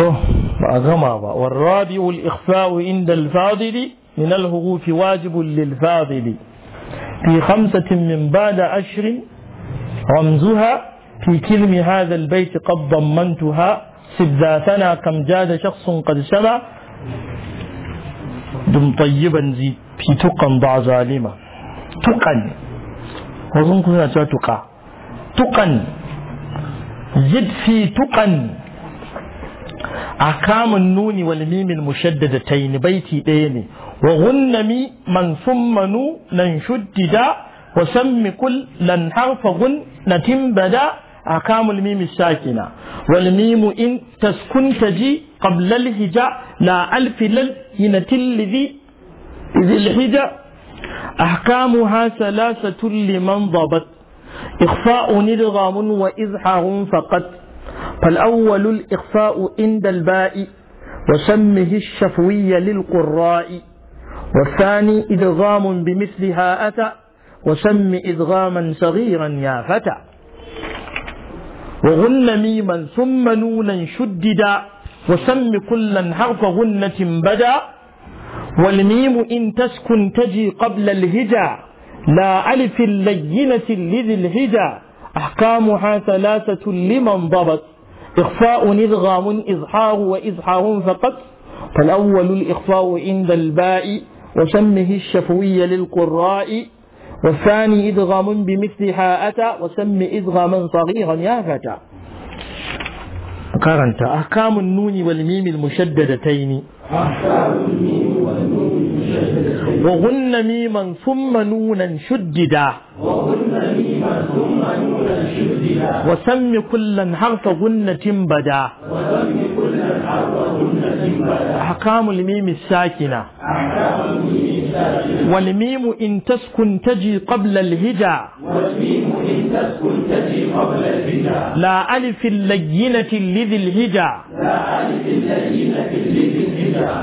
أغمض والرابع الإخفاء عند الفاضل من الهروف واجب للفاضل في خمسة من بعد عشر رمزها في كلم هذا البيت قد ضمنتها سداتنا كم جاد شخص قد سمع دم طيبا زي في تقا ضع ظالما تقا وظن كنا تقا تقا زد في تقا أكام النون والميم المشددتين بيتي ديني وغنمي من ثم نو ننشدد وسم كل لن حرف غن نتم بدا أكام الميم الساكنة والميم إن تسكن تجي قبل الهجاء لا ألف لل الذي ذي الحجة أحكامها ثلاثة لمن ضبط إخفاء إدغام وإزحار فقط فالأول الإخفاء عند الباء وسمه الشفوي للقراء والثاني إدغام بمثلها أتى وسم إدغاما صغيرا يا فتى وغن ميما ثم نونا شددا وسم كلا حرف غنة بدا والميم إن تسكن تجي قبل الهجا لا ألف اللينة لذي الهجا أحكامها ثلاثة لمن ضبط إخفاء إدغام إظهار وإظهار فقط فالأول الإخفاء عند الباء وسمه الشفوي للقراء والثاني إدغام بمثلها أتى وسم إدغاما صغيرا يا فتى قرنت أحكام النون والميم المشددتين وغن ميما ثم نونا شددا وغن ميما وسم كل حرف غنة بدا أحكام الميم الساكنة والميم إن تسكن تجي قبل الهجا لا ألف اللينة لذي الهجا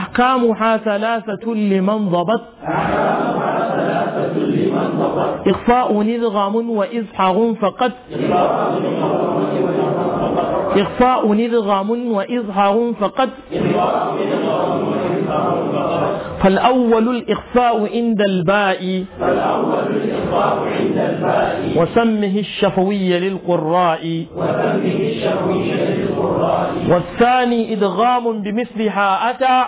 أحكامها ثلاثة لمن ضبط أحكام إخفاء نذغم وإزحار فقد إخفاء نذغم وإظهار فقد فالأول الإخفاء عند الباء وسمه الشفوي للقراء والثاني إدغام بمثلها أتى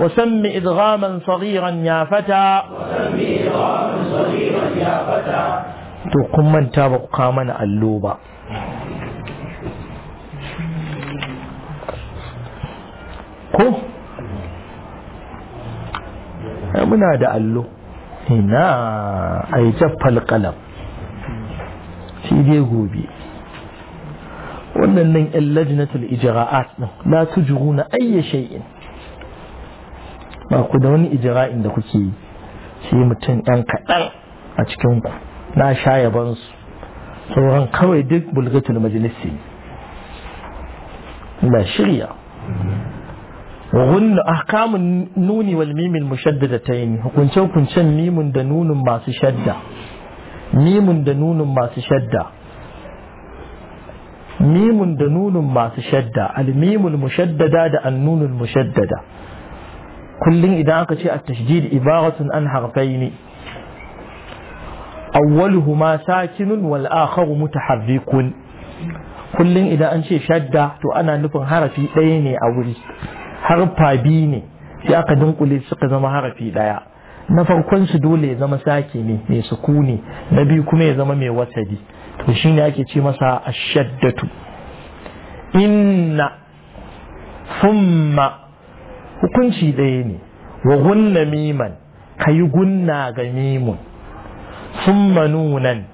وسم إدغاما صغيرا يا فتى تقم من تابق قاما اللوبة كو أمنا دا اللو هنا أي جف القلم سيدي غوبي وأن اللجنة الإجراءات لا تجرون أي شيء ba ku da wani ijira'in da kuke yi shi mutum ɗan kaɗan a cikin ku na sha yaban su sauran kawai duk bulgatul majalisi na shirya وغن أحكام النون والميم المشددتين hukunce hukuncen mimin da nunin masu shadda mimin da nunin masu shadda mimin da nunin masu shadda al-mimul mushaddada da annunul mushaddada kullum idan aka ce a tashjid ibaratun an harfai ne awwaluhuma sakinun wal akharu mutahabbikun kullum idan an ce shadda to ana nufin harafi ɗaya ne a wuri harfa biyu ne sai aka dunkule suka zama harafi ɗaya na farkon su dole ya zama saki ne mai sukuni na biyu kuma ya zama mai wasadi to shine ake ce masa ashaddatu inna thumma hukunci ɗaya ne wa gunna miman ka yi gunna ga mimun sun nunan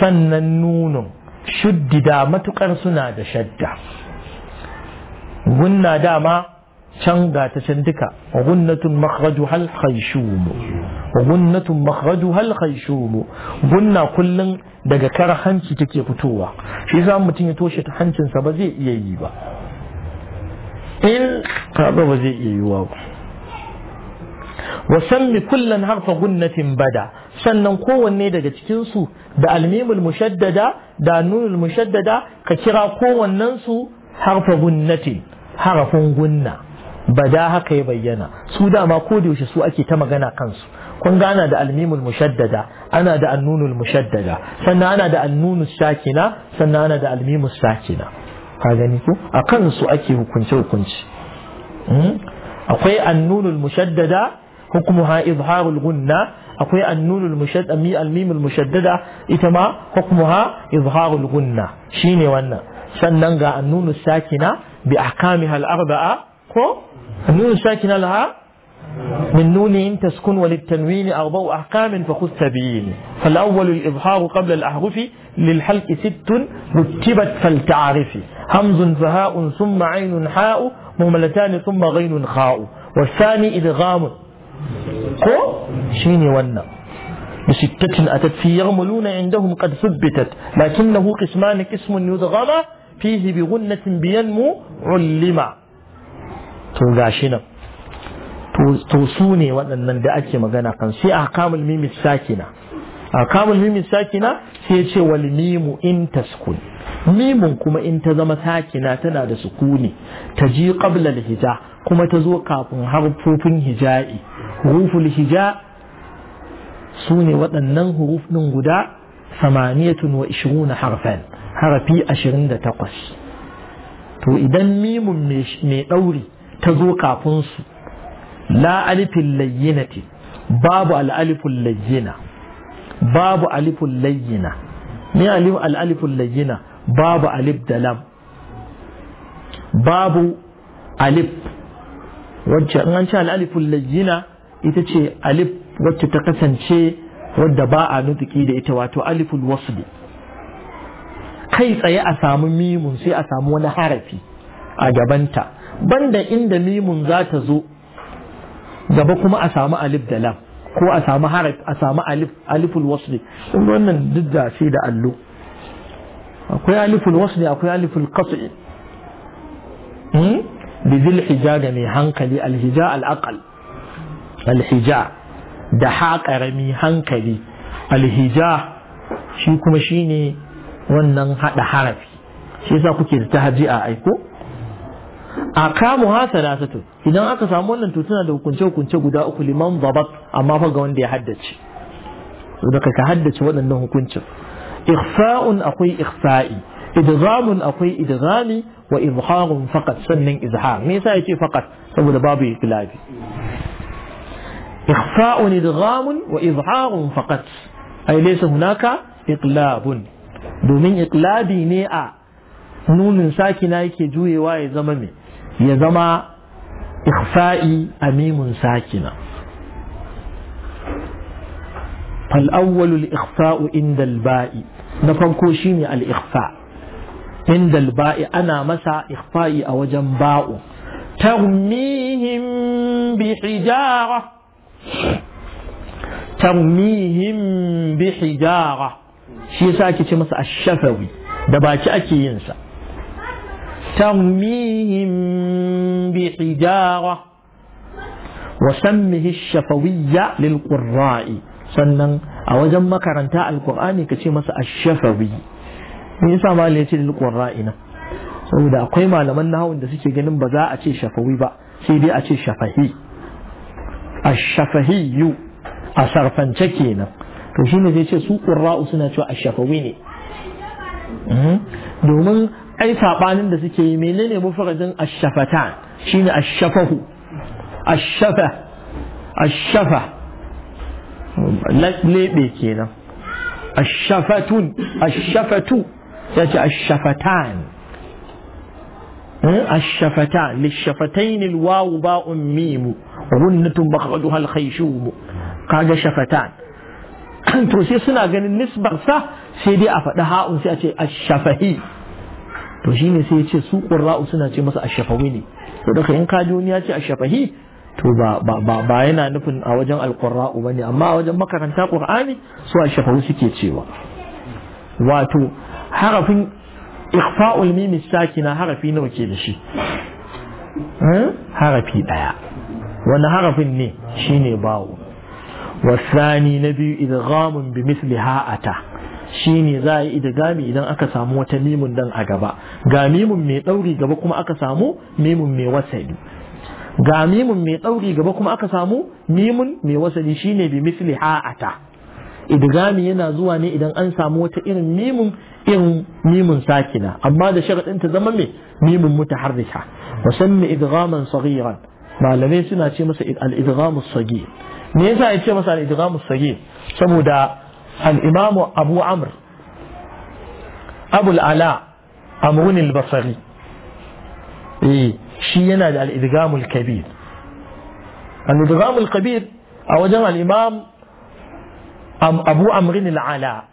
sannan nunun shuddida matukar suna da shadda gunna dama can ga ta can duka wa gunnatun makhraju hal khayshumu wa gunnatun makhraju hal khayshumu gunna kullum daga kar hanci take fitowa shi yasa mutum ya toshe ta hancinsa ba zai iya yi ba in kaga ba zai iya yiwuwa ba mi kullum harfa gunnatin bada sannan kowanne daga cikinsu da almimul mushaddada da nunul mushaddada ka kira kowannensu harfa gunnatin harafin gunna bada haka ya bayyana su dama ko da yaushe su ake ta magana kansu kun ana da almimul mushaddada ana da annunul mushaddada sannan ana da annunus sakina sannan ana da almimus sakina ka gani ko a kansu ake hukunce hukunci hmm? akwai annunul mushaddada hukmuha izharul gunna akwai annunul mushaddada mi almimul mushaddada ita ma hukmuha izharul gunna shine wannan sannan ga annunul sakina bi ahkamiha al arba'a ko annunul sakina laha من نون تسكن وللتنوين أربع أحكام فخذ سبيل فالأول الإظهار قبل الأحرف للحلق ست رتبت فلتعرفي همز فهاء ثم عين حاء مهملتان ثم غين خاء والثاني إدغام ko شين ونا بستة أتت في يغملون عندهم قد ثبتت لكنه قسمان قسم يدغم فيه بغنة بينمو علم تنقاشنا to su ne waɗannan da ake magana kan sai a kamul mimi sakina a kamul mimi sakina sai ce wal mimu in taskun mimun kuma in ta zama sakina tana da sukuni ta ji qabla al hija kuma ta zo kafin harfofin hija'i huruful hija su ne waɗannan huruf din guda 28 harfan harafi 28 to idan mimun mai ɗauri ta zo kafin su la alifin layyinati babu al'alifin layyina babu alifin layyina ne al'alifin layyina babu alif dalam babu alif wacce in an ce al'alifin layyina ita ce alif wacce ta kasance wadda ba a nutuki da ita wato aliful wasli kai tsaye a samu mimun sai a samu wani harafi a gabanta banda inda mimun za ta zo gaba kuma a samu alif da lam ko a samu haraf a samu alif aliful wasli wannan duk da ce da allo akwai aliful wasli akwai aliful qas'i bi zil hijaga mai hankali al al hija aqal al hija da mai hankali al hija shi kuma shine wannan hada harafi shi yasa kuke da tahaji a aiko a kamu hasala sato idan aka samu wannan to tana da hukunce hukunce guda uku liman babat amma fa ga wanda ya haddace saboda ka haddace waɗannan hukuncin ikhfa'un akwai ikhfa'i idghamun akwai idghami wa izharun faqat sannan izhar me yasa yace faqat saboda babu iklabi ikhfa'un idghamun wa izharun faqat ai laysa hunaka iqlabun domin iqlabi ne a nunin sakina yake juyewa ya zama mai ya zama ikhfa'i amimun sakina فالأول الإخفاء عند الباء نفرقو شيني الإخفاء عند الباء أنا مسا إخفائي أو جنباء ترميهم بحجارة ترميهم بحجارة شي ساكي مسا الشفوي دباكي أكي ينسى ترميهم بحجارة وسمه الشفوية للقراء sannan a wajen makaranta alkur'ani ka ce masa ashafawi me yasa malam ya ce lil qurra'ina akwai malaman nahawun da suke ganin ba za ce shafawi ba sai dai a ce shafahi ashafahiyu a sarfance kenan to shine zai ce su kur'a'u suna cewa ashafawi ne domin ai sabanin da suke yi menene mufradin ashafatan shine ashafahu ashafa ashafa lebe kenan ashafatun ashafatu yace ashafatan الشفتان للشفتين الواو باء ميم غنة مخرجها الخيشوم كاجا شفتان to sai suna ganin nisbar sa sai dai a faɗi ha'un sai a ce ashafahi to ne sai ya ce su qurra'u suna ce masa ashafawi ne to daga in ka ji ya ce ashafahi to ba yana nufin a wajen ba ne amma a wajen makaranta ƙur'ani? su ashafawi suke cewa wato harafin ikhfa'ul mim sakina harafi nawa ke da shi eh? harafi daya wani harafin ne shine bawo والثاني نبي إدغام بمثل هاءته shine za a yi idgami idan aka samu wata mimun dan a gaba ga mimun mai ɗauri gaba kuma aka samu mimun mai wasali ga mimun mai ɗauri gaba kuma aka samu mimun mai wasali shine bi misli ha'ata idgami yana zuwa ne idan an samu wata irin mimun irin mimun sakina amma da sharaɗin ta zama mai mimun mutaharrika wa sanna idgaman saghiran malamai suna ce masa al-idghamu saghir me yasa ya ce masa al-idghamu sage saboda الإمام أبو عمرو أبو العلاء أمرون البصري إيه شي الإدغام الكبير الإدغام الكبير أوجه الإمام أبو عمرو العلاء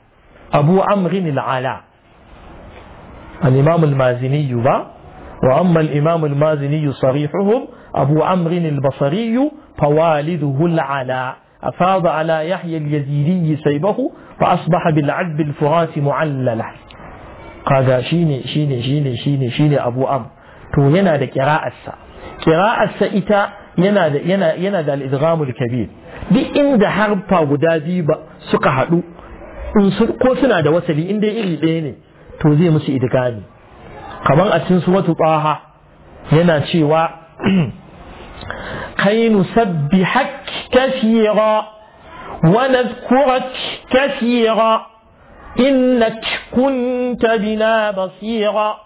أبو عمرو العلاء الإمام المازني با وأما الإمام المازني صريحهم أبو عمرو البصري فوالده العلاء أفاض على يحيى اليزيدي سيبه فأصبح بالعذب الفرات معللة قال شيني شيني شيني شيني شيني أبو أم تو ينا دا قراءة السا قراءة السا إتا ينا دا, ينا, ينا الإدغام الكبير دي إن دا ودادي ودا دي با سكا هدو ko suna da wasali in dai iri ɗaya ne to zai musu idgami kamar a cikin suratu taha yana cewa kai nusabbihak كثيرا ونذكرك كثيرا إنك كنت بنا بصيرا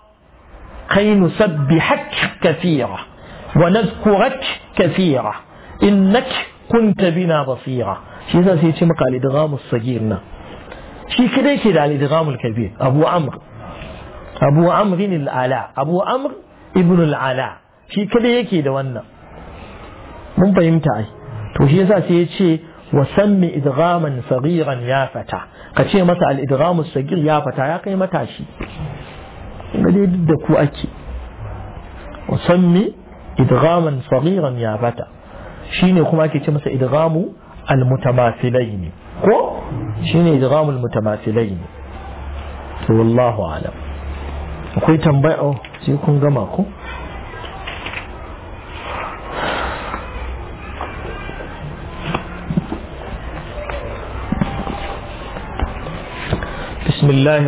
كي نسبحك كثيرا ونذكرك كثيرا إنك كنت بنا بصيرا شي ذا سيتي مقال إدغام الصغيرنا شي كده كده الإدغام الكبير أبو عمرو أبو عمرو الآلاء أبو عمرو ابن العلاء شي كده كده وانا من فهمت أي to shi yasa sai ya ce wa sammi idghaman saghiran ya fata ka ce masa al idghamu saghir ya fata ya kai matashi da dai duk da ku ake wa sammi idghaman saghiran ya fata shine kuma ake ce masa idghamu al mutamafilain ko shine idghamu al mutamafilain to wallahu alam akwai tambaya oh, sai kun gama ko الله